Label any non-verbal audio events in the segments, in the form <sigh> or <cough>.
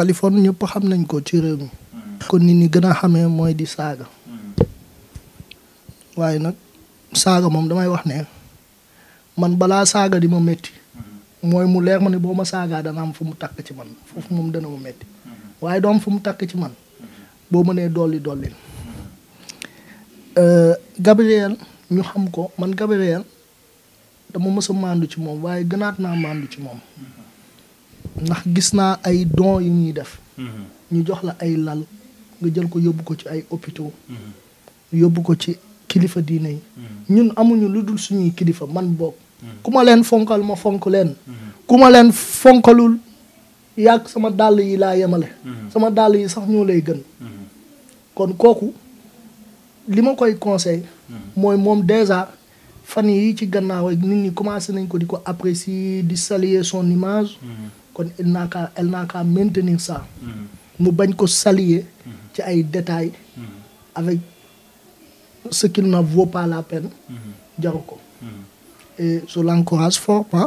Californie ñëpp xam nañ ko ci réew mi. kon nit ñi gën a xamee mooy di saaga. waaye nag saaga moom damay wax ne man balaa saaga di ma metti mooy mu leer ma ne boo ma saagaa dana am fu mu takk ci man foofu moom dana ma métti. waaye doom fu mu takk ci man. boo mënee dolli dollil. Euh, Gabriel ñu xam ko man Gabriel dama mës a màndu ci moom waaye gënaat naa màndu ci moom. ndax gis naa ay dons yu ñuy def. Mhm. ñu jox la ay lal nga jël ko yóbbu ko ci ay hôpitaux. Mhm. yóbbu ko ci kilifa diine yi. Mhm. ñun amuñu lu dul suñuy kilifa man boog. ku ma leen fonkal ma fonk leen. ku ma leen fonkalul yàq sama dàll yi laa yemale. sama dàll yi sax ñoo lay gën. kon kooku li ma koy conseil mooy moom déjà fan yi ci gannaaw rek nit ñi commencé nañ ko di ko apprécier di saluer son image. kon il n'a qu'à elle n'a qu'à mm-hmm. mu bañ ko salier mm-hmm. ci ay détails mm-hmm. avec ce qu'il ne vaut la peine jaru ko et je l'encourage fort ah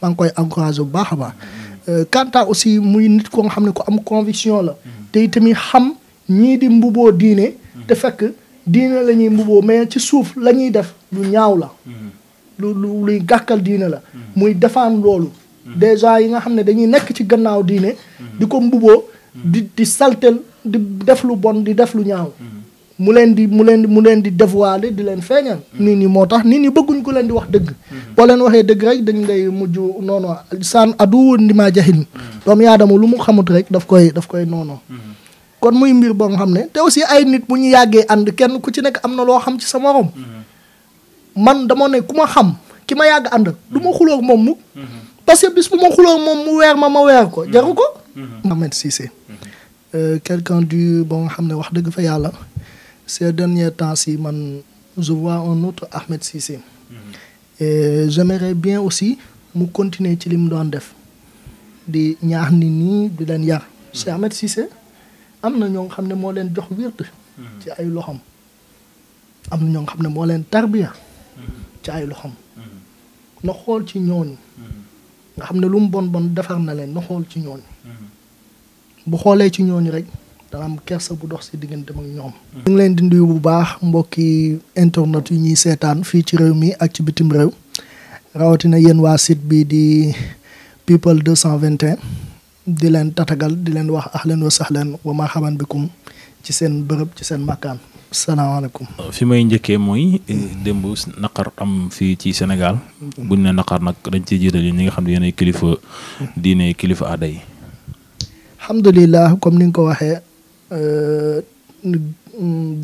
maa koy encouragé bu baax a baax euh, quant à aussi muy nit ko nga xam ne ko am conviction la tey tamit xam ñii di mbuboo diine te fekk diine lañuy ñuy mbuboo mais ci suuf la ñuy def lu ñaaw la lu luy gàkkal diine la muy defaan loolu déjà yi nga xam ne dañuy nekk ci gannaaw diine di ko mbuboo di di saltel di def lu bon di def lu ñaaw mu leen di mu leen di mu leen di dévoiler di leen feeñal nit ñi moo tax nit ñi bëgguñ ko leen di wax dëgg boo leen waxee dëgg rek dañ ngay mujj noono saan adu ndimaa jahil doomu aadama lu mu xamut rek daf koy daf koy noono kon muy mbir boo xam ne te aussi ay nit bu ñu yàggee ànd kenn ku ci nekk am na loo xam ci sa morom man dama ne ku ma xam ki ma yàgg ànd du parce que bis bu ma xuloo moom mu weer ma ma weer ko jaru ko. Mhm. Ahmed Cissé. Mhm. Euh, quelqu'un du bon nga xam ne wax dëgg fa yàlla ces derniers temps si man je vois un autre Ahmed Cissé. Mhm. et bien aussi mu continuer ci li mu doon def di ñaax nit ñi di leen yar. si Ahmed Cissé am na ñoo xam ne moo leen jox wird ci ay loxoom. am na ñoo xam ne moo leen tarbiya ci ay loxoom. na xool ci ñooñu. nga xam ne lu mu bon bon defar na leen na xool ci ñooñu mhm. bu xoolee ci ñooñu rek dana am kersa bu dox si diggante ak ñoom. Mhm. ñu leen dindi nuyu bu baax mbokki internet yi ñuy seetaan fii ci réew mi ak ci bitim réew rawatina yéen waa sit bii di people 221 di leen tatagal di leen wax leen sax wa sahlan wa marhaban bikum ci seen bërëb ci seen makkaan. salaamaaleykum. Euh, fi may njëkkee mooy eh, démb naqar am fii ci Sénégal bu ne naqar nag dañ ciy jiital yi ñi nga xam ne yéen ay kilifa diine kilifa aada yi. alhamdulilah comme ni nga ko waxee euh,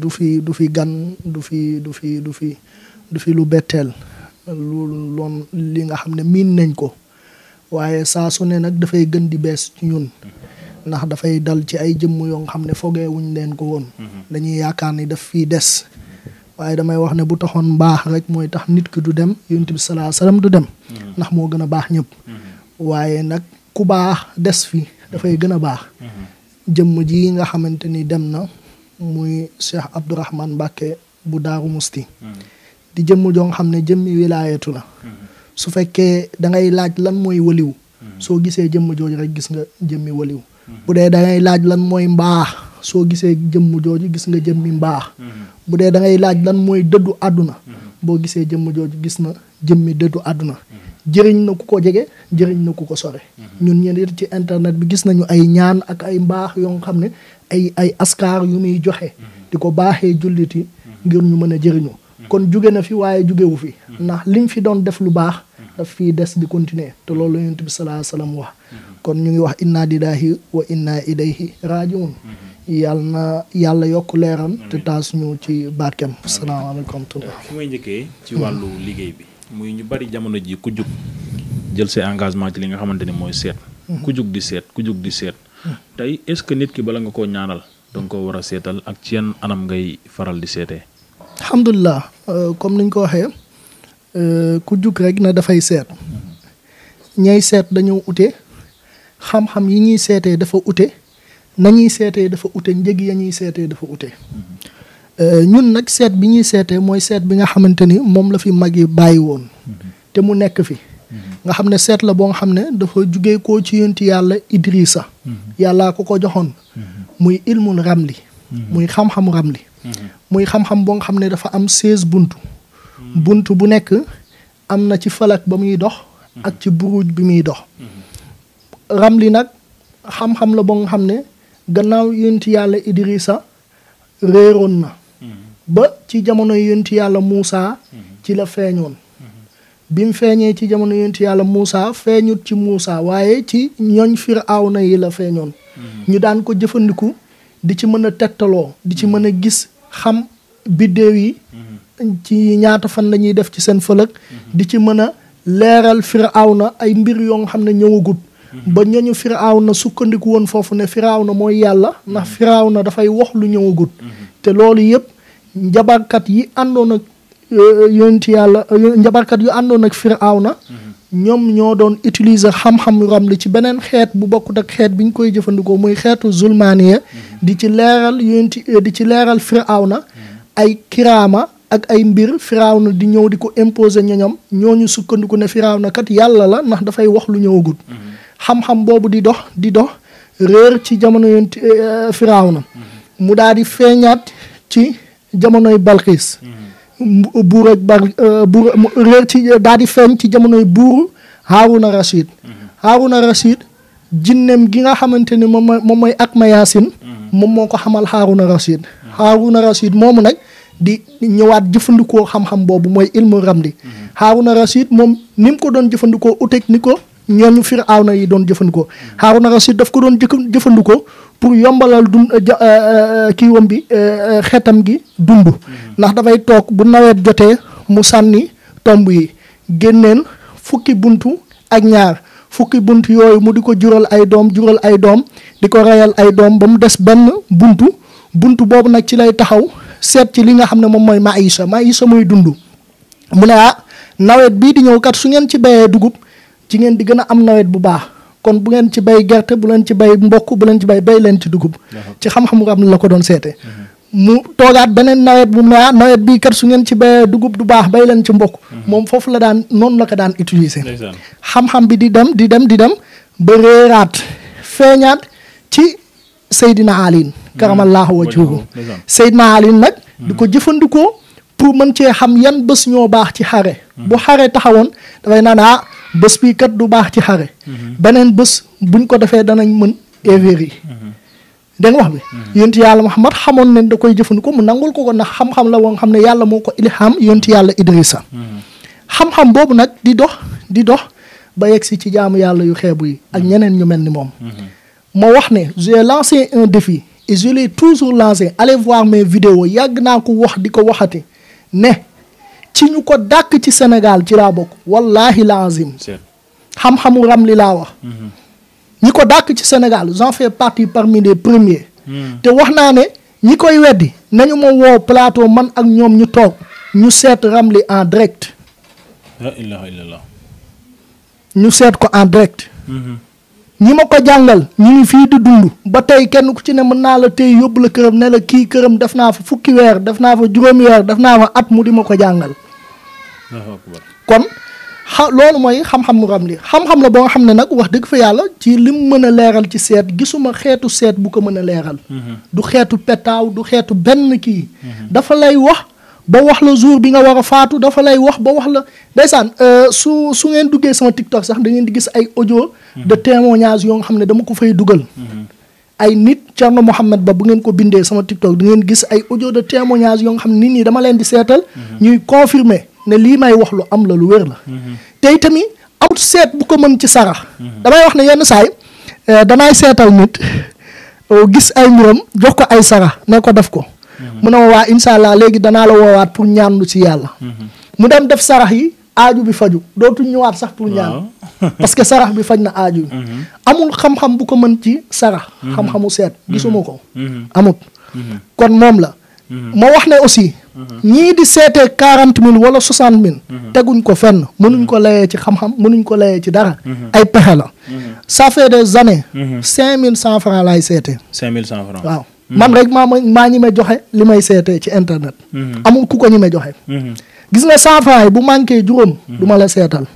du fi du fi gan du fi du fi du fi du fi lu betteel loolu loon li nga xam ne miin nañ ko waaye saa su ne nag dafay gën di bees ci ñun. ndax dafay dal ci ay jëmm yoo xam ne fogee wuñ leen ko woon. Mhm. dañuy yaakaar ni def fii des. waaye damay wax ne bu taxoon baax rek mooy tax nit ki du dem yonent bi salaa du dem. Mhm. ndax moo gën a baax ñëpp. Mhm. waaye nag ku baax des fi dafay gën a baax. jëmm ji nga xamante ni dem na muy Cheikh Abdourahman Mbacke bu Daaru Musti. di jëmm joo xam ne jëmmi wilaayatu la. su fekkee dangay laaj lan mooy waliw. soo gisee jëmm jooju rek gis nga jëmmi waliw bu dee da ngay laaj lan mooy mbaax soo gisee jëmm jooju gis nga jëmmi mbaa mm-hmm. bu dee da ngay laaj lan mooy dëddu àdduna mm-hmm. boo gisee jëmm jooju gis na jëmmi dëddu àdduna mm-hmm. jëriñ na ku ko jege jëriñ na ku ko sore ñun ñeneen ci internet bi gis nañu ay ñaan ak ay mbaax yoo xam ne ay ay askar yu nuy joxe di ko baaxee jullit yi ngir ñu mën a jëriñu kon juge na fi waaye jugewu fi ndax liñ fi doon def lu baax daf fii des di continuer te loolu la yonent bi salaa salaam wax kon ñu ngi wax inna lillahi wa inna ilayhi rajiun yàlla na yàlla yokk leeram te taas ñu ci barkeem salaamaaleykum fi may njëkkee ci wàllu liggéey bi muy ñu bari jamono ji ku jug jël say engagement ci li nga xamante ni mooy seet mhm. ku jug di seet ku jug di seet mhm. tey est-ce que nit ki bala nga koo ñaanal danga ko war a seetal ak ci yan anam ngay faral di seetee alhamdulilah euh, comme niñ ko waxee Euh, ku jug rek na dafay seet ñay seet dañoo ute xam-xam yi ñuy seetee dafa ute nañuy seetee dafa ute njëg ya ñuy seetee dafa ute euh, ñun nag seet bi ñuy seetee mooy seet bi nga xamante ni moom la fi mag yi bàyyi woon te mu nekk fi nga xam ne seet la boo nga xam ne dafa jugee koo ci yoon ci yàlla sax yàlla ko ko joxoon muy ilmul ramli muy xam-xamu ramli muy xam-xam boo xam ne dafa am seize bunt bunt bu nekk am na ci falak ba muy dox ak ci buruuj bi muy dox li nag xam-xam la ba nga xam ne gannaaw yonti yàlla Idrissa réeroon na ba ci jamono yonti yàlla Muusa ci la feeñoon bim feeñee ci jamono yonti yàlla Muusa feeñut ci Muusa waaye ci ñooñ na yi la feeñoon ñu daan ko jëfandiku di ci mën a tegtaloo di ci mën a gis xam biddéew yi ci ñaata fan la ñuy def ci seen fëlëg di ci mën a leeral na ay mbir yoo xam ne ñëwagut ba ñooñu na sukkandiku woon foofu ne na mooy yàlla ndax na dafay wax lu ñëwagut te loolu yëpp njabarkat yi àndoon ak euh, yonent yàlla euh, njabarkat yu àndoon ak firawna ñoom ñoo doon utiliser xam-xam ramli ci beneen xeet bu bokkut ak xeet bi ñu koy jëfandikoo muy xeetu zulmaaniya di ci leeral yonent di ci leeral firawna ay kiraama ak ay mbir firawna di ñëw di ko imposer ñoñam ñooñu sukkandiku ne firawna kat yàlla la ndax dafay wax lu ñëwagul. Mm-hmm. xam-xam boobu di dox di dox réer ci jamono yont eh, eh, firawna mm-hmm. mu daal di feeñaat ci jamonoy balxiis mm-hmm. eh, buur ak bar buur réer ci daal feeñ ci jamonoy buur Haaruna Rashid Haaruna Rashid jinneem gi nga xamante ni moom mooy moom mooy ak moom moo ko xamal Haaruna Rashid Haaruna Rashid moomu nag di ñëwaat jëfandikoo xam-xam boobu mooy ilmu ramli mhm. Haaruna Rasiid moom ni mu ko doon jëfandikoo uteeg ni ko aw na yi doon jëfandikoo mhm. Haaruna Rasiid daf ko doon jëfandikoo pour yombalal dund eh, eh, kii wam bi eh, xetam gi dund mhm. ndax dafay toog bu nawet jotee mu sànni tomb yi génneen fukki buntu ak ñaar fukki bunt yooyu mu di ko jural ay doom jural ay doom di ko reyal ay doom ba mu des benn buntu buntu boobu nag ci lay taxaw seet ci li nga xam ne moom mooy maïsa maïsa mooy dund mu ne ah nawet bii di ñëw kat su ngeen ci bayee dugub ci ngeen di gën a am nawet bu baax kon bu ngeen ci bay gerte bu leen ci bay mbokk bu leen ci bay bay leen ci dugub ci xam-xam nga la ko doon seete mm-hmm. mu toogaat beneen nawet bu ma ah, nawet bii kat su ngeen ci béyee dugub du baax bay leen ci mbokk mm-hmm. moom foofu la daan noonu la ko daan utiliser xam-xam bi di dem di dem di dem ba réeraat feeñaat ci Seydina Aline. karamallahu wajhuhu Seydina Aline nag. Hmm. di ko jëfandikoo pour mën cee xam yan bës ñoo baax ci xare. Hmm. bu xare taxawoon dafay naan ah bés bii kat du baax ci xare. Hmm. beneen bés buñ ko defee danañ mën erreur yi. dégg nga wax bi yonti yàlla Muhammad xamoon ne da koy jëfandikoo mu nangul ko ko ndax xam-xam la woon xam ne yàlla moo ko ilham yonti yàlla Idrissa xam-xam boobu nag di dox di dox ba yegg si ci jaamu yàlla yu xeebu yi ak ñeneen ñu mel ni moom. ma wax ne j'ai lancé un défi et je toujours lancé allez voir mes yàgg naa ko wax di ko waxati ne ci ñu ko dàkk ci Sénégal ci laa bokk wallahi laazim xam-xamu ram li laa wax mm-hmm. ñi ko dàkk ci Sénégal j'en fais partie parmi les premiers mm. te wax naa ne ñi koy weddi nañu ma woo plateau man ak ñoom ñu toog ñu seet ram li en direct la ñu seet ko en direct mm-hmm. ñi ma ko jàngal ñu ngi fii di dund ba tey kenn ku ci ne mën naa la tey yóbbu la këram ne la kii këram def naa fa fukki weer def naa fa juróomi weer def naa fa at mu di ma ko jàngal kon xa loolu mooy xam-xam mu ram li xam-xam la boo xam ne nag wax dëgg fa yàlla ci lim mën a leeral ci seet gisuma xeetu seet bu ko mën a leeral mhm. du xeetu petaaw du xeetu benn kii mhm. dafa lay wax ba wax la jour bi nga war a faatu dafa lay wax ba wax la ndeysaan euh, su su ngeen duggee sama TikTok sax da ngeen di gis ay audio hmm. de témoignage yoo nga xam ne dama ko fay dugal hmm. ay nit Thierno Mohamed Ba bu ngeen ko bindee sama TikTok da ngeen gis ay audio de témoignage yoo xam ne nit ñi dama leen di seetal hmm. ñuy confirmer ne lii may wax lu am la lu wér la tey tamit amut seet bu ko mën ci sara damay wax ne yenn saay euh, danaay seetal nit euh, gis ay mbiram jox ko ay sara ne ko def ko mu ne ma waa incha allah léegi danaa la woowaat pour ñaan lu ci yàlla. mu dem def sarax yi aaju bi faju dootuñ ñëwaat sax pour ñaan. <laughs> parce que sarax bi faj na aaju bi. Mhm. amul xam-xam bu ko mën ci sarax. Mhm. xam-xamu seet mhm. gisuma ko. amut kon moom la. ma wax ne aussi. ñii di seetee quarante mille wala soixante mille. teguñ ko fenn mënuñ ko layee ci xam-xam mënuñ ko layee ci dara. ay pexe la. ça fait des années. cinq mille cent franc laay seetee. cinq mille cent franc Mm-hmm. man rek maa ma maa ñi may joxe li may seetee ci internet. Mm-hmm. amul ku ko ñi may joxe. Mm-hmm. gis nga cent franc bu manqué juróom. duma la seetal.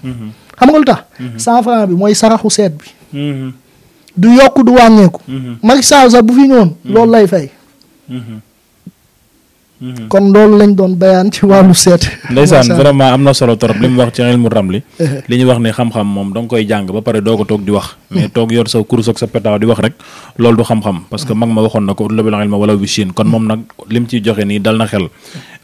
xam nga lu tax. cent franc bi mooy saraxu seet bi. du yokk du wàññeeku. maraichage bu fi ñëwoon loolu lay fay. Mhm. kon loolu lañ doon bayaan ci wàllu seet. ndeysaan vraiment am na solo trop li mu wax ci ilmu ramli eh. li ñu wax ne xam-xam moom da nga koy jàng ba pare doo ko toog di wax. mais toog yor sa kurus ak sa petaaw di wax rek loolu du xam-xam parce mag ma waxoon na ko utlubul ilma walaw bi Chine kon moom nag li mu ciy joxe nii dal na xel.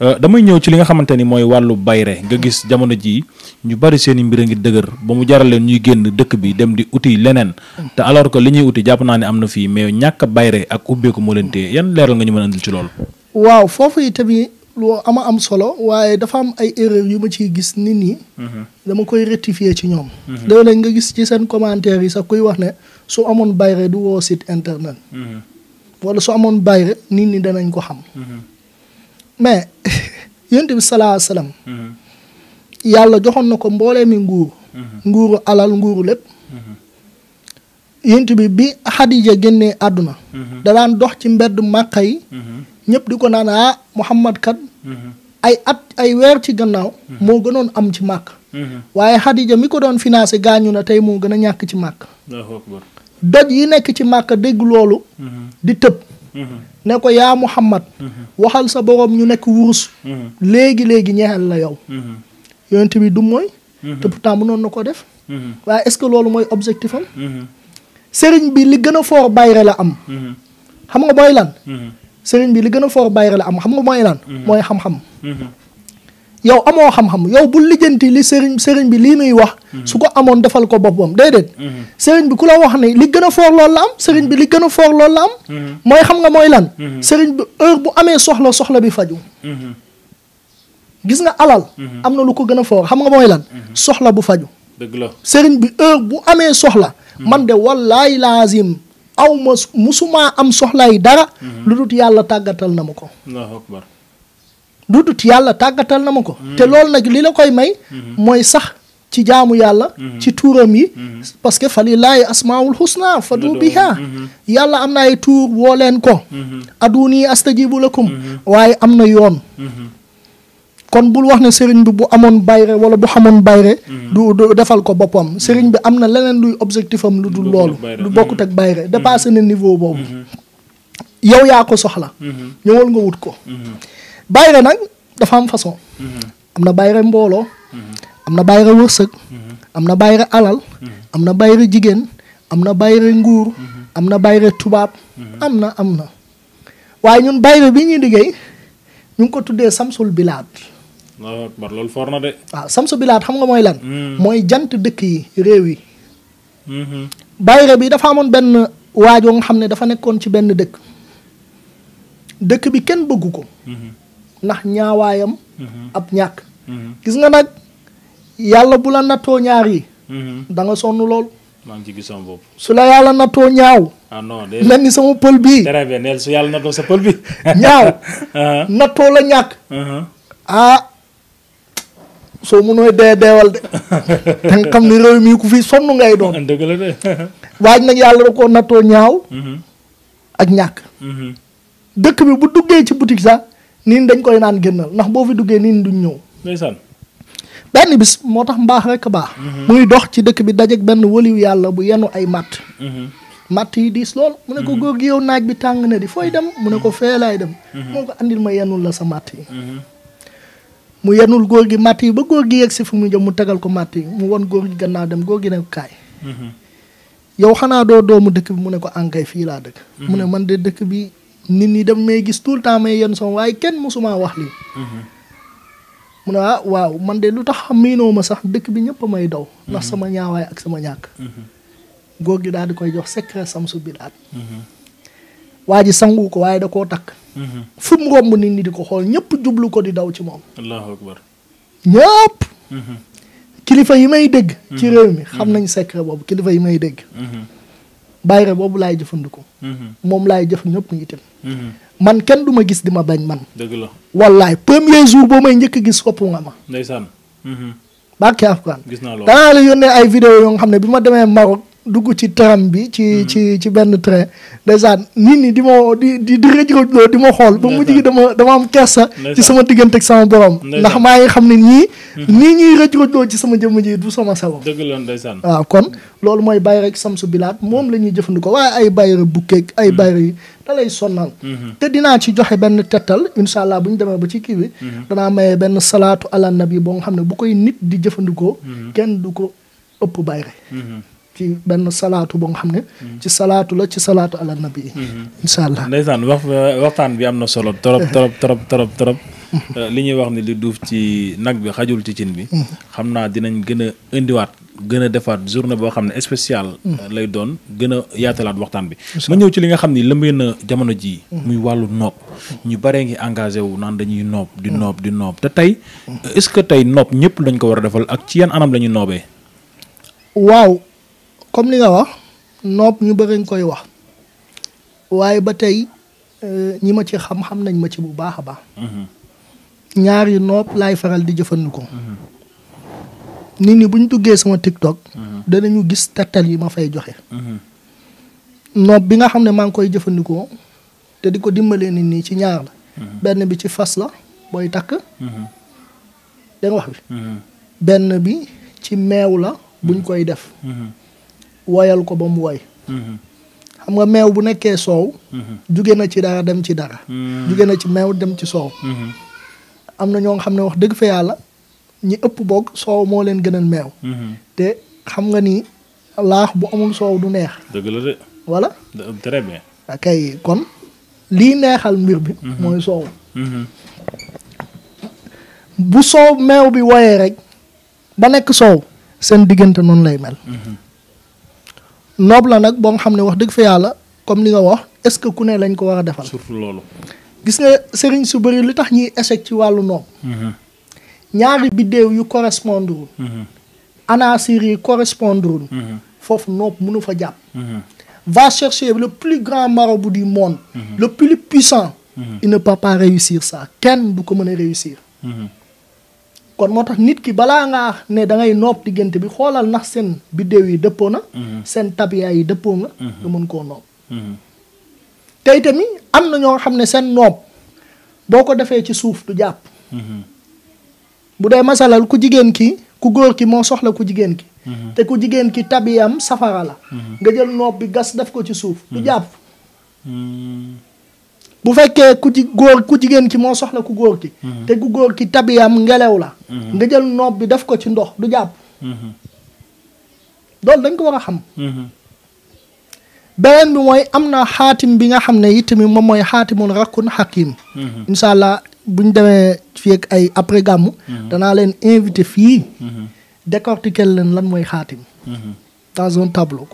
Euh, damay ñëw ci li nga xamante ni mooy wàllu bayre nga gis jamono jii ñu bari seen i mbir a ngi dëgër ba mu jaral leen ñuy génn dëkk bi dem di uti leneen te alors li ñuy uti jàpp naa ne am na fii mais ñàkk bayre ak ubbeeku moo leen téye yan leeral nga ñu mën a andil ci loolu waaw foofu itamit lu ama am solo waaye dafa am ay erreur yu ma ciy gis nit ñi. Mhm. dama koy rectifier ci ñoom. Mhm. léeg-léeg nga gis ci seen commentaire yi sax kuy wax ne su amoon bayre du woo site internet. Mhm. wala su amoon bayre nit ñi danañ ko xam. mais <laughs> yonent bi salaa salaam. yàlla joxoon na ko mboolee mi nguur. nguuru alal nguuru lépp. yonent bi bi Xadija génnee àdduna. da dox ci mbedd Màkka yi. ñëpp di ko naan ah Mouhamad kat. Mm-hmm. ay at ay weer ci gannaaw. Mm-hmm. moo gënoon am ci màkk. Mm-hmm. waaye Xadija mi ko doon financé gaañu na tey moo gën a ñàkk ci màkk. doj yi nekk ci màkk dégg loolu. di tëb. ne ko yaa Muhammad waxal sa borom ñu nekk wurus. léegi léegi ñeexal la yow. yonent bi du mooy. te pourtant mënoon na ko def. waaye est-ce que loolu mooy objectif am. sëriñ bi li gën a foor bayre la am. xam nga booy lan. sëriñ bi li gën a foor bàyyira la am xam nga mooy lan mhm. mooy xam-xam mhm. yow amoo xam-xam yow bu lijjanti li sëriñ sëriñ bi lii muy wax mhm. su ko amoon defal ko boppam day déedéet sëriñ bi ku la wax ne li gën a foor loolu la am sëriñ bi li gën a foor loolu la am mooy xam nga mooy lan sëriñ bi heure bu amee soxla soxla bi faju gis nga am na lu ko gën a foor xam nga mooy lan soxla bu faju dëgg sëriñ bi heure bu amee soxla man de wallaahi laazim aw ma musumaa am soxlaay dara. Mhm. lu dut yàlla tàggatal na ma ko. lu dut yàlla tàggatal na ma ko. Mhm. te loolu nag li la koy may. Mhm. mooy sax ci jaamu yàlla. ci tuuram yi. parce que fa lillaahi asmaawul husna fadu biha yàlla am na ay tuur woo leen ko. aduuni astajibu lakum. waaye am na yoon. kon bul wax ne sëriñ bi bu amoon bayre wala bu xamoon bayre mhm. du du defal ko boppam mhm. sëriñ bi am na leneen luy objectif am lu dul loolu lu bokkut ak bayre mhm. dépassé ne niveau boobu yow yaa ko soxla ñëwal nga wut ko bayre nag dafa am façon am na bayre mbooloo am na bayre wërsëg am na bayre alal am na bayre jigéen am na bayre nguur am na bayre tubaab am na am na waaye ñun bayre bi ñuy liggéey ñu ngi ko tuddee samsul bilaad waaw loolu for na ah, samsu bilaat xam nga mooy lan. Hmm. mooy jant dëkk yi réew yi. Hmm. bayre bi dafa amoon benn waajoo nga xam ne dafa nekkoon ci benn dëkk. dëkk bi kenn bëggu ko. Hmm. ndax ñaawaayam. ab ñàkk. gis nga nag yàlla bu la nattoo ñaar da nga lool. maa ngi ci gis sama su la yàlla nattoo ñaaw. ah ni sama pël bii. su yàlla nattoo sa pël bi. ñaaw. <laughs> Uh-huh. nattoo la ñàkk. Uh-huh. Ah, soo mënoo dee deewal de te <laughs> nga xam ne réew mi ku fi sonn ngay doon. <laughs> dëgg la <laughs> waaj nag yàlla da koo nattoo ñaaw. Mm-hmm. ak ñàkk. Mm-hmm. dëkk bi bu duggee ci boutique sax niin dañ koy naan génnal ndax boo fi duggee niin duñ ñëw. ndeysaan. benn bis moo tax mbaax rek baax. Mm-hmm. muy dox ci dëkk bi dajeeg benn wëliw yàlla bu yenu ay matt. matt yi diis lool. mu ne ko góor gi yow naaj bi tàng na di fooy dem mu ne ko fee laay dem. moo ko andil ma yenul la sa matt yi. mu yenul góor gi matt yi ba góor gi yegg si fu mu jëm mu tegal ko matt yi mu wan góor gi gannaaw dem góor gi ne kaay. Mm-hmm. yow xanaa doo doomu dëkk bi mu ne ko ankay fii laa dëkk. mu ne mm-hmm. man de dëkk bi nit ñi dem may gis tout le temps may yenn son waaye kenn mësuma wax lii. Mm-hmm. mu ne ah, waaw man de lu tax miinoo ma sax dëkk bi ñëpp may daw. ndax sama ñaawaay ak sama ñàkk. góor gi daal di koy jox secret samsu bi daal. waa ji sangu ko waaye da koo takk. Mhm. fu mu romb nit ñi di ko xool ñëpp jublu ko di daw ci moom. allahu akbar ñëpp. Mhm. kilifa yi may dégg. ci mhm. réew mi xam nañ secret boobu kilifa yi may dégg. bayre boobu laay jëfandiku. moom laay jëf ñëpp itam. man kenn du ma gis di ma bañ man. dëgg la wallaay premier jour boo may njëkk gis sopp nga ma. ndeysaan. barke Alxuraan. gis naa loolu danaa la yónnee ay vidéo yoo nga xam ne bi ma demee Maroc. dugg ci tram bi ci hmm. ci ci benn train ndeysaan nit ñi di ma di di di rëj di ma xool ba mujj gi dama dama am kersa ci sama diggante ak sama borom ndax maa ngi xam ne nii hmm. nii ñuy rëj ci sama jëmm ji du sama sabab dëgg la ndeysaan waaw kon loolu mooy bàyyi rek sam su bilaat moom la ñuy jëfandikoo waaye ay bàyyira bukkeeg ay hmm. bàyyira yi da lay sonnal te dinaa ci joxe benn tettal incha allah bu ñu demee ba ci kii bi danaa mayee benn salaatu ala nabi boo xam ne bu koy nit di jëfandikoo kenn du ko ëpp bàyyira ci benn salaatu ba nga xam ne. ci salaatu la ci salaatu ala nabi. Mhm. incha allah ndeysaan wax waxtaan bi am na solo trop <laughs> trop trop trop trop. <laughs> Euh, li ñuy wax ni li duuf ci nag bi xajul ci cin bi. Mhm. xam naa dinañ gën a indiwaat gën a defaat journée boo xam ne spécial. Mhm. Euh, lay doon gën a yaatalaat waxtaan bi. ma ñëw ci li nga xam ni lëmbee na jamono jii. muy wàllu nopp. ñu baree ngi engagé wu naan dañuy noob di noob di noob te tey. est-ce que tey noob ñëpp lañ ko war a defal ak ci yan anam la ñuy comme li nga wax nopp ñu bëriñ koy wax waaye ba tey euh, ñi ma ci xam xam nañ ma ci bu baax a baax. Mhm. ñaari nopp laay faral di jëfandikoo. Mhm. nit ñi bu ñu duggee sama TikTok. Mhm. danañu gis tegtal yi ma fay joxe. nopp bi nga xam ne maa ngi koy jëfandikoo te di ko dimbalee nit ñi ci ñaar la. benn bi ci fas la booy takk. da nga wax bi. benn bi ci meew la buñ koy def. woyal ko ba mu woy mhm. xam nga meew bu nekkee soow mhm. jóge na ci dara dem ci dara mhm. jóge na ci meew dem ci soow am na ñoo nga xam ne wax dëgg fa yàlla ñi ëpp boog soow moo leen gënal meew te xam nga ni laax bu amul soow du neex dëgg la de voilà très kay kon lii neexal mbir bi mooy soow bu soow meew bi woyee rek ba nekk soow seen diggante noonu lay mel noob la nag boo nga xam ne wax dëgg fa yàlla comme li nga wax est ce que ku ne lañ ko war a defal. surtout loolu. gis nga sëriñ su bëri li tax ñuy échec ci wàllu noob. Mhm. ñaari biddéew yu correspondre. Mhm. anaasir yi correspondre. Mhm. foofu noob mënu fa jàpp. va chercher le plus grand marabout du monde. le plus puissant. il ne pas réussir ça kenn du ko mën a réussir. kon moo tax nit ki balaa ngaa ne dangay ngay noob diggante bi xoolal nax seen biddéew yi dëppoo na. Mhm. seen tabiya yi dëppoo mhm. nga. mën koo noob. Mhm. tey am na ñoo xam ne seen noob boo ko defee ci suuf du jàpp. bu dee masalal ku jigéen ki ku góor ki moo soxla ku jigéen ki. te ku jigéen ki tabiyam safara la. nga jël noob bi gas def ko ci suuf du jàpp. bu fekkee ku ci góor ku jigéen ki moo soxla ku góor ki mhm. te ku góor ki tabiyam ngelew la mhm. nga jël noob bi def ko ci ndox du jàpp mhm. loolu dañ ko war a xam beneen bi mooy am na xaatim bi nga xam ne itamit moom mooy xaatimul rakkun xakim incha allah buñ demee fii ay après gàmmu danaa leen invité fii décortiquer leen lan mooy xaatim dans un tableau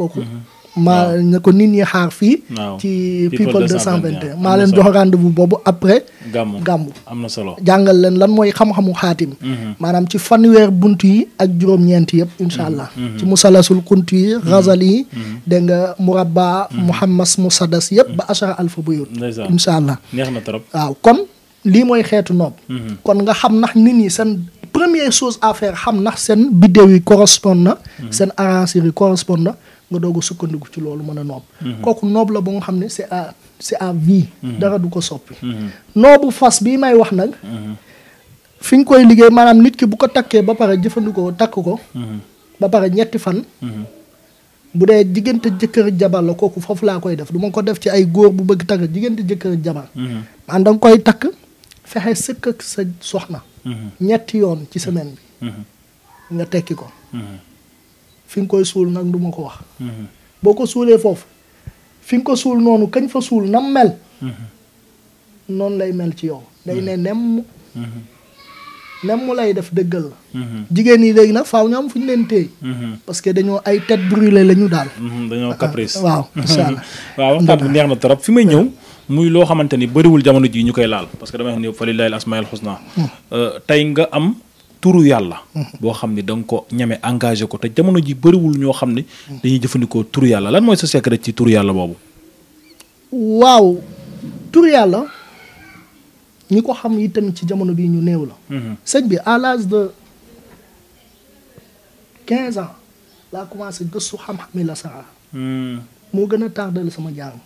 maa nga ko nit ñi xaar fii. ci people 221. maa leen jox rendez-vous boobu après. gàmmu am na solo jàngal leen lan mooy xam-xamu xaatim. Mhm. maanaam ci fanweer bunt yi ak juróom-ñeent yëpp incha mhm. allah. Mhm. ci musalasul kunt yi razal yi. dégg nga murabba muhammas musadas yëpp ba achara alfa buyut. incha allah na trop waaw kon lii mooy xeetu noob. kon nga xam nax nit ñi seen. première chose à faire xam nax seen biddew yi correspond na. seen aransir yi correspond na. nga doog sukkandiku ci loolu mën a noob mhm. kooku noob la ba nga xam ne c'est à c'est à vie mhm. dara du ko soppi mhm. noobu fas bii may wax nag fi ñu koy liggéey maanaam nit ki bu ko takkee ba pare jëfandikoo takk ko ba pare ñetti fan bu dee diggante jëkkër jabar la kooku laa koy def du ma ko def ci ay góor bu bëgg takk diggante jëkkër jabar maanaam da nga koy takk fexe sëkk ak sa soxna ñetti yoon ci semaine bi nga tekki ko fi nga koy suul nag du ma ko wax. Mhm. boo ko suulee foofu fi nga ko suul noonu kañ fa suul nam mel. Mhm. noonu lay mel ci yow. day ne mhm. nemm. nemm lay def dëggal la. jigéen yi léegi nag faaw ñu am fu ñu leen téye. parce ay tête brûlée la ñu daal. dañoo ah, caprice waaw incha <laughs> waxtaan bi neex na trop fi may ñëw. muy loo xamante ni bariwul jamono jii ñu koy laal parce que damay xam ne fa lillahi al asmaul husna hmm. euh, tey nga am turu yàlla. boo xam ni da nga ko ñeme engagé ko te jamono ji bëriwul ñoo xam ni. dañuy jëfandikoo turu yàlla lan mooy sa secret ci turu yàlla boobu. waaw turu yàlla ñi ko xam itam ci jamono bi ñu néew la. Mhm. sëñ bi à l'âge de quinze ans laa commencé gëstu xam-xami la saxaar. Hmm. moo gën a tardé sama jàng.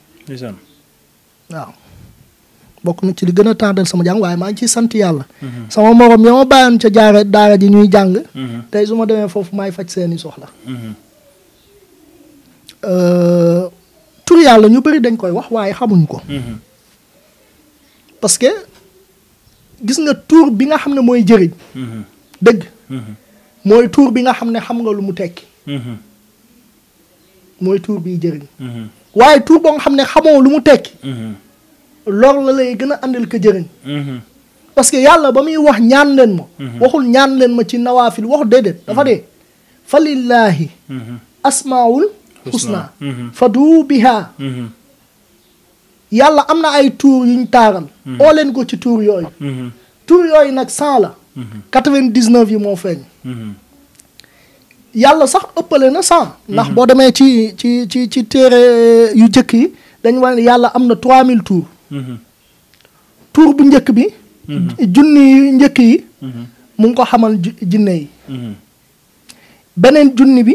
waaw. bokk nañ ci li gën a tardel sama jàng waaye maa ngi ciy sant yàlla. sama morom ya ma bàyyoon ca jaara daara ji ñuy jàng. Mhm. tey su ma demee foofu maay faj seeni soxla. Mhm. Euh, tur yàlla ñu bari dañ koy wax waaye xamuñ ko. Mhm. parce que gis nga tur bi nga xam ne mooy jëriñ. dëgg. mooy tur bi nga xam ne xam nga lu mu tekki. mooy tur biy jëriñ. waaye tur boo nga xam ne xamoo lu mu tekki. lor la lay gën a andil ko jëriñ. Mm-hmm. parce que yàlla ba muy wax ñaan leen ma. Mm-hmm. waxul ñaan leen ma ci nawaafil wax déedéet. dafa dee mm-hmm. fa lillaahi asmaawul husna fadu biha yàlla am na ay tuur yuñ taaral. oo leen ko ci tour yooyu. tuur yooyu nag cent la. quatre-vingt-dix-neuf yi moo feeñ. yàlla sax ëppale na cent. ndax boo demee ci ci ci ci téere yu jëkk yi dañu wax ne yàlla am na trois mille tuur. tuur bu njëkk bi mhm. junni yu njëkk yi mhm. mu ko xamal jinne yi mhm. beneen junni bi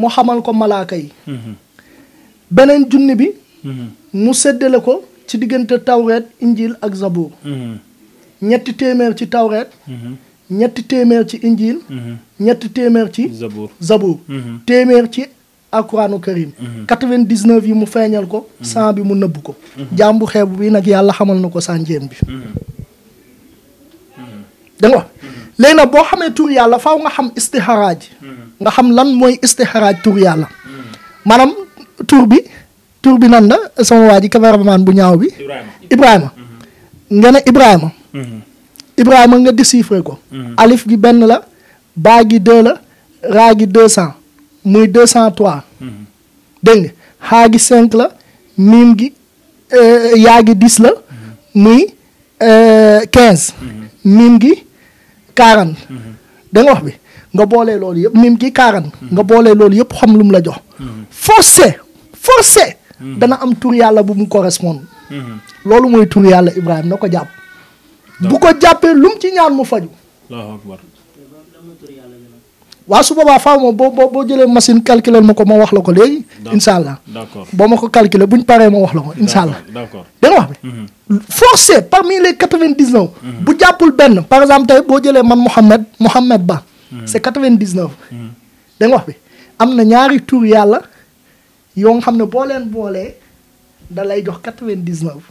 mu xamal ko malaaka yi beneen junni bi mu seddale ko ci diggante tawreet injil ak zabuur ñetti téeméer ci tawreet ñetti téeméer ci injil ñetti téeméer ci zabuur téeméer ci alquranu karim mhm. quatre-vingt-dix-neuf yi mu feeñal ko mhm. cent bi mu nëbb ko jaam mhm. bu xeebu bi nag yàlla xamal na ko sànjeem bi da nga wax nag boo xamee tur yàlla faw nga xam istixaraaj nga xam lan mooy istixaraaj tur yàlla maanaam tur bi tuur bi nan la sama waa ji cameraman bu ñaaw bi ibrahima nga ne ibrahima ibrahima nga déchiffré ko alif gi benn la baa gi deux la raa gi muy 203. dégg nga xaa gi 5 la miim gi euh, yaa gi 10 la. muy 15. Euh, miim gi 40. da wax bi nga boolee loolu yëpp miim gi 40. nga boolee loolu yëpp xam lu mu la jox. forcé forcé. dana am tour yàlla bu mu correspondre. loolu mooy tur yàlla Ibrahima na ko jàpp. bu ko jàppee lum ci ñaan mu faju. waaw su boobaa boo boo boo jëlee machine calculer ma ko ma wax la ko léegi. incha allah boo ma ko calculer buñ paree ma wax la ko incha allah. da nga wax bi mhm. forcé parmi les quatre vingt dix neuf. Mhm. bu jàppul benn par exemple tey boo jëlee man Mouhamed Mouhamed Ba. Mhm. c' est quatre vingt dix neuf. da nga wax bi am na ñaari tur yàlla yoo nga xam ne boo leen boolee da lay jox quatre vingt dix neuf.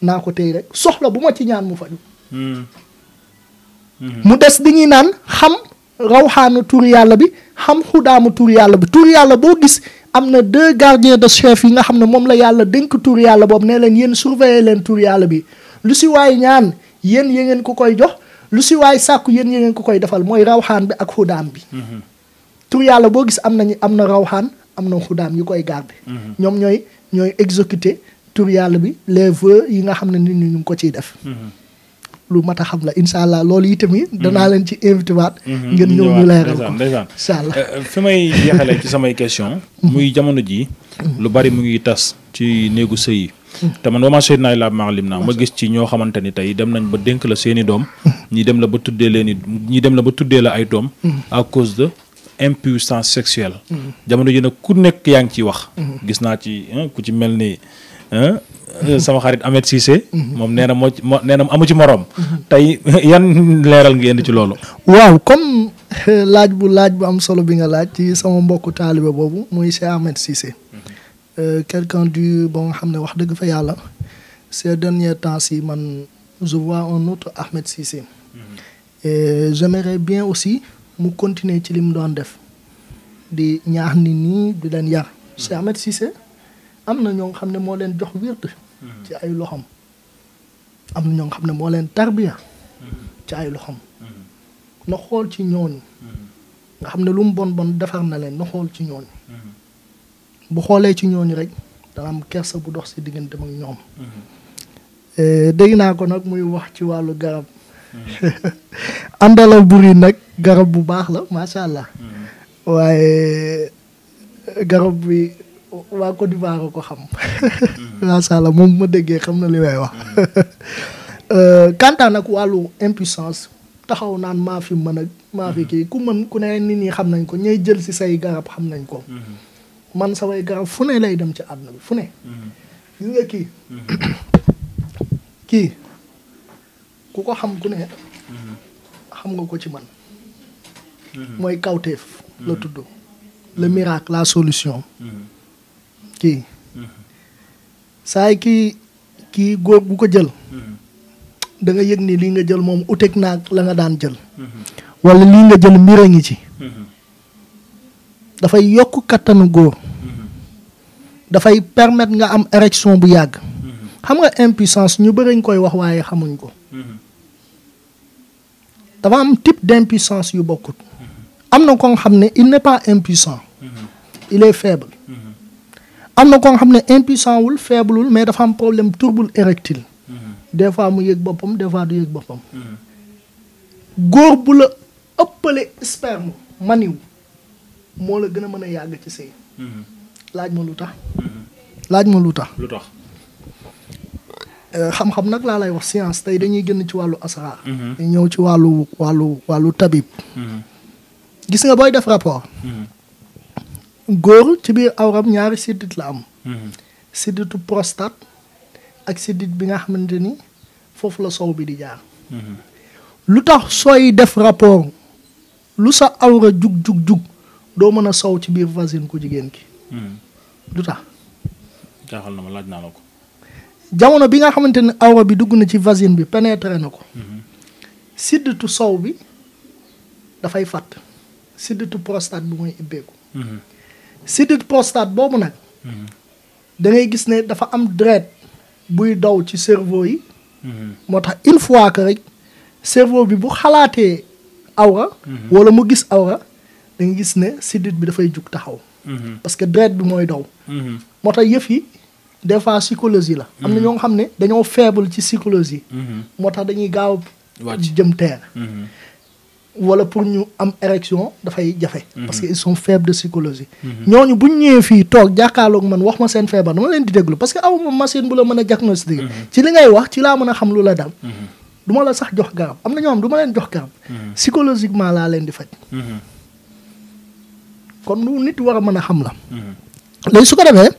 naa ko tey rek soxla bu ma ci ñaan mu faju mu des di ñuy naan xam. rawxaanu tuur yàlla bi xam xudaamu tur yàlla bi tur yàlla boo gis am na deux gardiens de chef yi nga xam ne moom la yàlla dénk tur yàlla boobu ne leen yéen surveiller leen tur yàlla bi lu si waay ñaan yéen ya ngeen ko koy jox lu si waay sàkku yéen ya ku koy defal mooy rawxaan bi ak xudaam bi mm-hmm. tur yàlla boo gis am nañu am na rawxaan am na xudaam yu koy garder mm-hmm. ñoom ñooy ñooy exécuter tur yàlla bi les vœux yi nga xam ne nit ñi ñu ngi ko ciy def mm-hmm. lu mat a xam la incha allah loolu itamit. Mhm. danaa leen ci invité waat. Mhm. ngeen ñëw ñu leeral ko incha allah eh, eh, fi may jeexalee ci samay question mhm. muy jamono ji lu bari mu ngi tas ci néegu sëy yi. te man wama seet naay laab maalim naa ma gis ci ñoo xamante ni tey dem nañ ba dénk la seeni doom. ñi dem la ba tuddee leen ñi dem la ba tuddee la ay doom. à cause de impuissance sexuelle. jamono ji nag ku nekk yaa ngi ciy wax. gis naa ci ku ci mel ni. Euh, sama xarit Ahmed Cissé. moom nee moo ci nee na amu ci moroom. tey <laughs> yan leeral nga indi ci loolu. waaw comme euh, laaj bu laaj bu am solo bi nga laaj ci sama mbokku taalibe boobu muy Cheikh Ahmed Cissé. Euh, quelqu'un du ba nga xam ne wax dëgg fa yàlla ces derniers temps si man je vois un autre Ahmed Cissé. et bien aussi mu continuer ci li doon def di ñaax nit ñi di leen yar Cheikh Ahmed Cissé. am na ñoo xam ne moo leen jox wird ci ay loxoom am na ñoo xam ne moo leen tarbiya ci ay loxoom na xool ci ñooñu nga xam ne lu mu bon bon defar na leen na xool ci ñooñu bu xoolee ci ñooñu rek dana am kersa bu dox si diggante ak ñoom e, dégg naa ko nag muy wax ci wàllu garab àndala <laughs> buri nag garab bu baax la macha allah mm-hmm. waaye garab bi waa Côte d'Ivoire ko xam. macha allah moom ma déggee xam na li may wax. Euh, kantaan nag wàllu impuissance taxaw naan maa fi mën a maa kii ku mën ku ne nit ñi xam nañ ko ñooy jël si say garab xam nañ ko. man samay garab fu ne lay dem ci àdduna bi fu ne. gis nga kii. ku ko xam ku ne. xam nga ko ci man. mooy kawteef. la tudd le miracle la solution. kii saay kii kii góor bu ko jël da nga yëg ni lii nga jël moom uteg naa la nga daan jël wala lii nga jël mbir a ngi ci dafay yokk kattanu góor dafay permettre nga am érection bu yàgg xam nga impuissance ñu bëriñ koy wax waaye xamuñ ko dafa am type d'impuissance yu bokkut am na ko xam ne il n'est pas impuissant il est faible am na ko xam ne impuissant wul faiblewul mais dafa am problème trouble érectile mm-hmm. des fois mu yëg boppam des fois du yëg boppam mm-hmm. góor bu la ëppale sperme maniw moo la gën a mën a yàgg ci sëy mm-hmm. laaj ma lu tax laaj ma lu tax euh, xam-xam nag laa lay wax science tey dañuy gën ci wàllu asraar ñëw ci wàllu wàllu wàllu tabib gis nga booy def rapport góor ci biir awram ñaari siddit la am mm-hmm. sidditu prostate ak siddit bi nga xamante ni foofu la sow bi di jaar mm-hmm. lu tax sooy def rapport lu sa awra jug jug doo mën a sow ci biir vasine ku jigéen ki mm-hmm. lu tax jaaxal naa la jamono bi nga xamante ni awra bi dugg na ci vasine bi pénétré na ko sidditu sow bi dafay fàtt sidditu prostate bi mooy ibbeeku sidit prostate boobu nag. Mhm. da ngay gis ne dafa am deret buy daw ci cerveau yi. Mhm. moo tax une fois que rek cerveau bi bu xalaatee awra. Mhm. wala mu gis awra da gis ne sidit bi dafay jug taxaw. parce que deret bi mooy dow moo tax yëf yi des fois psychologie la. am na ñoo xam ne dañoo faible ci psychologie. moo tax dañuy gaaw jëm teer wala pour ñu am érection dafay jafe. Mhm. parce que ils sont faibles de psychologie. Mhm. ñoo ñu ñu ñëwee fii toog jàkkaarloog man wax ma seen feebar dama leen di déglu parce que aw ma machine bu la mën a diagnostiquer. Mhm. ci ngay wax ci laa mën a xam lu la dal. ma la sax jox garab am na ñoo xam du ma leen jox garab. psychologiquement laa leen di faj. kon lu nit war a mën a xam la. léegi su ko defee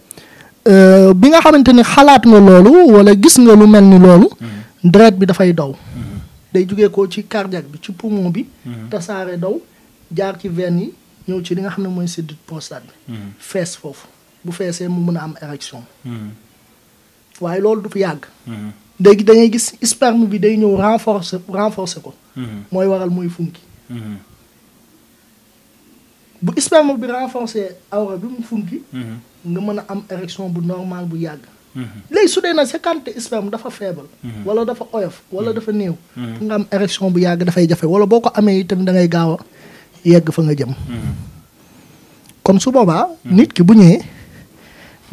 euh, bi nga xamante ni xalaat nga loolu walla gis nga lu mel ni loolu. deret bi dafay daw. day jugee ko ci cardiaque bi ci poumon bi. Mhm. tasaare daw jaar ci ven yi ñëw ci li nga xam ne mooy séddu prostate bi. Mhm. fees foofu bu feesee mu mën a am érection. Mhm. waaye loolu du fi yàgg. léegi gis sperme bi day ñëw renforcer renforcer ko. mooy waral mooy funki. bu sperme bi renforcer awra bi mu funki. nga mën a am érection bu normal bu yàgg. Mm-hmm. léegi su dee nag sa dafa faible. Mm-hmm. wala dafa oyof wala mm-hmm. dafa néew. pour nga am érection bu yàgg dafay jafe wala boo ko amee itam da ngay gaaw a yegg fa nga jëm. kon su boobaa. nit ki bu ñëwee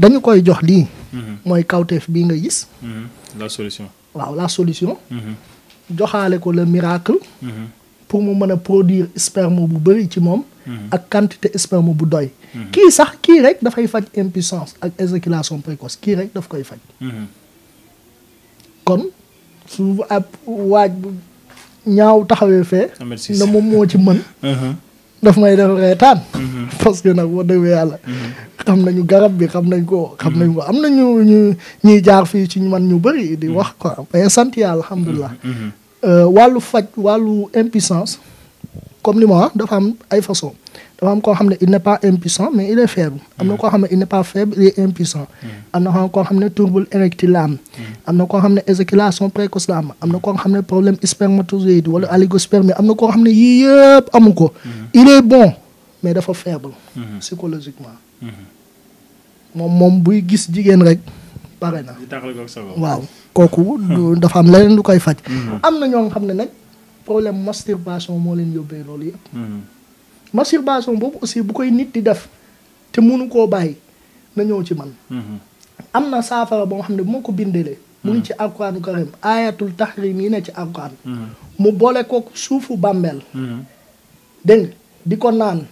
dañu koy jox lii. mooy kawteef bii nga gis. la solution. waaw la solution. joxaale ko le miracle. pour mu mën a produire sperme bu bëri ci moom. Mhm. ak quantité sperme bu doy. Mhm. kii sax kii rek dafay faj impuissance ak éjaculation précoce kii rek daf koy faj. Mhm. kon su ab waaj bu ñaaw taxawee fee. na moom moo ci mën. daf may def reetaan. <laughs> parce nag wax dëgg yàlla. xam nañu garab bi xam nañ ko. xam nañ ko am nañu ñu ñuy jaar fii ci man ñu bëri di wax quoi mais sant alhamdulilah. Euh, wàllu faj wàllu impuissance comme ni ma dafa am ay façon dafa am koo xam ne il n'est pas impuissant mais il est faible. am na hmm. koo xam ne il n'est pas faible impuissant. Hmm. am na koo xam ne trouble érectile la am. Hmm. am na koo xam ne éjaculation précoce la am am na koo xam ne problème spermatozoïde wala oligospermie am na koo xam ne yii yëpp amu ko. il est bon mais dafa faible. psychologiquement. moom moom buy gis jigéen rek. pare na waaw kooku <laughs> dafa am leneen lu koy faj mm-hmm. am na ñoo xam ne nag problème masturbation moo leen yóbbee loolu yëpp mm-hmm. masturbation boobu aussi bu koy nit di def te mënu koo bàyyi na ñëw ci man mm-hmm. am na saafara boo xam ne bu ma ko bindelee mu ngi ci alquran karim ayatul tahrim yi ne ci alquran mu boole kooku suufu bàmbeel dégg di ko naan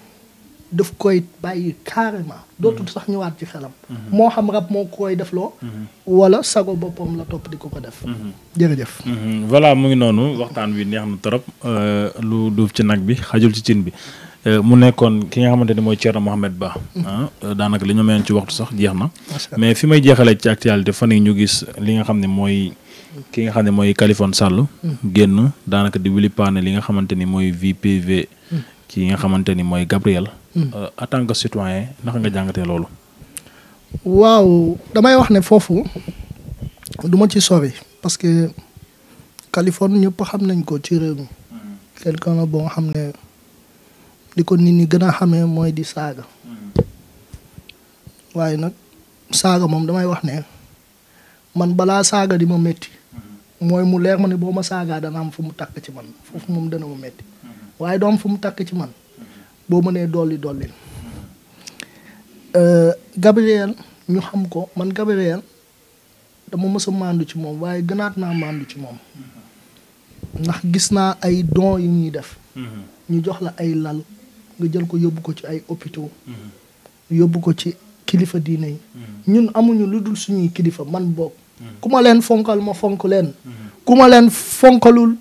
daf koy bàyyi carrément. dootul sax ñëwaat ci xelam. Mhm. moo xam rab moo koy def loo. Mhm. wala sago boppam la topp di ko ko def. Mhm. jërëjëf. voilà mu ngi noonu waxtaan wi neex na trop euh, lu duuf ci nag bi xajul ci cin bi euh, mu nekkoon ki nga xamante ni mooy Thierno Mohamed Ba. Ah, euh, daanaka li ñu meen ci waxtu sax jeex na. mais fi may jeexalee ci actualité fan ñu gis li nga xam ne mooy. ki nga xam ne mooy Kaliphone Sall. génn daanaka di wili li nga xamante ni mooy ki nga xamante ni mooy Gabriel. Hmm. Euh, en que citoyen naka nga jàngatee loolu. waaw damay wax ne foofu du ci sori parce que Californie xam nañ ko ci réew mi. Hmm. quelqu'un la boo xam ne li ko nit ñi gën a xamee mooy di saaga. Hmm. waaye nag saaga moom damay wax ne man balaa saaga di ma metti mooy mu leer ma ne boo ma saagaa dana am fu mu takk ci man foofu moom dana ma métti. waaye doom fu mu takk ci man boo mënee dolli dolli euh, Gabriel ñu xam ko man Gabriel dama mësa màndu ci moom waaye gënaat naa màndu ci moom ndax gis naa ay don yu ñuy def ñu jox la ay lal nga jël ko yóbbu ko ci ay hôpitaux yóbbu ko ci kilifa diine yi ñun amuñu lu dul suñuy kilifa man bokk ku ma leen fonkal ma fonk leen ku ma leen fonkalul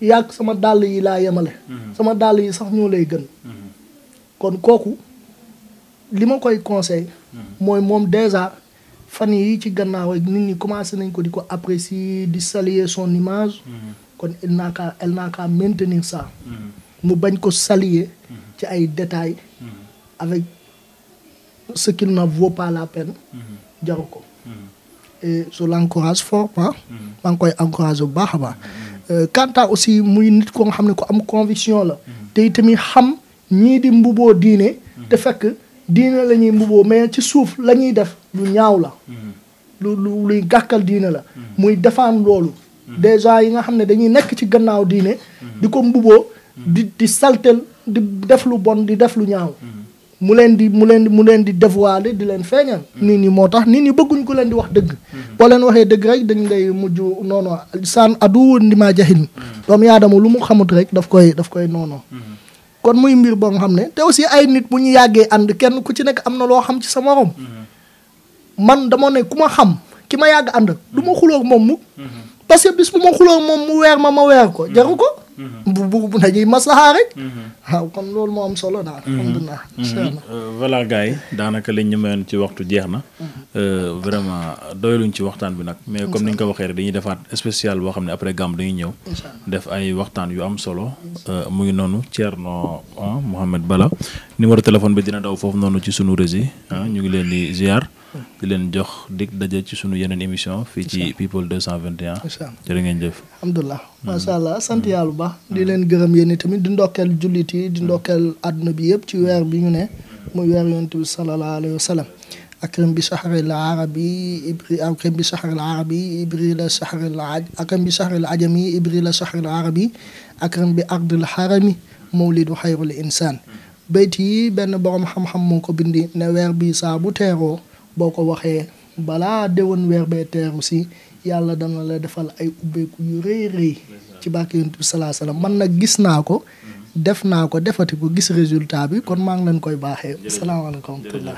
yàgg sama dàll yi laa yemale. Mhm. sama dàll yi sax ñoo lay gën. Mhm. kon kooku li ma koy conseil mhm. mooy moom déjà fan yi ci gannaaw ak nit ñi commencé nañ ko di ko apprécier di saluer son image. kon il n'a qu'à elle n'a qu'à maintenir ça. mu bañ ko saluer. ci ay détay avec ce qu'il ne pas la peine. jaru ko. et je l'encourage fort ah. maa ngi koy encouragé bu baax a baax. quant euh, aussi muy nit ko nga xam ne ku am conviction la. te tamit xam ñii di mbuboo diine. te fekk diine la ñuy mbuboo mais ci suuf la ñuy def lu ñaaw la. luy gàkkal diine la. muy defaan loolu. déjà yi nga xam ne dañuy nekk ci gannaaw diine. di ko mbuboo di di saltel di def lu bon di def lu ñaaw. mu leen di mu leen mu leen di dévoiler di leen feeñal. Hmm. nit ñi moo tax nit ñi bëgguñ ko leen di wax dëgg. Hmm. boo leen waxee dëgg rek dañ lay mujj noonu saan adu ndimaa jaxin. Hmm. doomu aadama lu mu xamut rek daf koy daf koy noonu. kon muy mbir boo xam ne te aussi ay nit bu ñu yàggee ànd kenn ku ci nekk am na loo xam ci sa morom. man dama ne ku ma xam ki ma yàgg ànd. du ma xulóog moom mu. parce que bis bu ma xulóog moom mu weer ma ma weer ko jaru ko. Mm-hmm. bu bu dañuy maslaxa rek. Mm-hmm. waaw kon loolu moo am solo daal. Mm-hmm. alhamdulilah incha allah euh, voilà yi daanaka liñ ñu mayoon ci waxtu jeex na. Euh, vraiment doyaluñ ci waxtaan bi nag. mais comme ni nga waxee rek dañuy defaat spécial boo xam ne après gàmm dañuy ñëw. def ay waxtaan yu am solo. Euh, mu ngi noonu Thierno ah, Mohamed Bala numéro téléphone bi dina daw foofu noonu ci sunu rési ah, ñu ngi leen di ziar. di leen jox dig daje ci sunu yeneen émission fii ci people 221. jërë ngeen jëf. alhamdulilah hmm. macha allah sant hmm. yàlla bu baax. di hmm. leen gërëm yéen tamit di ndokkeel jullit yi di ndokkeel àdduna bi yëpp ci weer bi ñu ne muy weer yonent bi sallallahu alayhi wa sallam. akrim bi saxaril arabi ibri akrim bi saxaril arabi ibri la saxaril aj akrim bi saxaril ajami ibri la saxaril arabi akrim bi ardil xarami mawlidu xayrul insaan bayt yi benn borom xam-xam ko bindi ne weer saa bu teeroo boo ko waxee balaa déwén weer bee teeru si yàlla dana la defal ay ubbeeku yu rëy rëy ci barke bi salaa salaam man nag gis naa ko def naa ko defati ko gis résultat bi kon maa ngi leen koy baaxee salaamaaleykum wa rahmatulah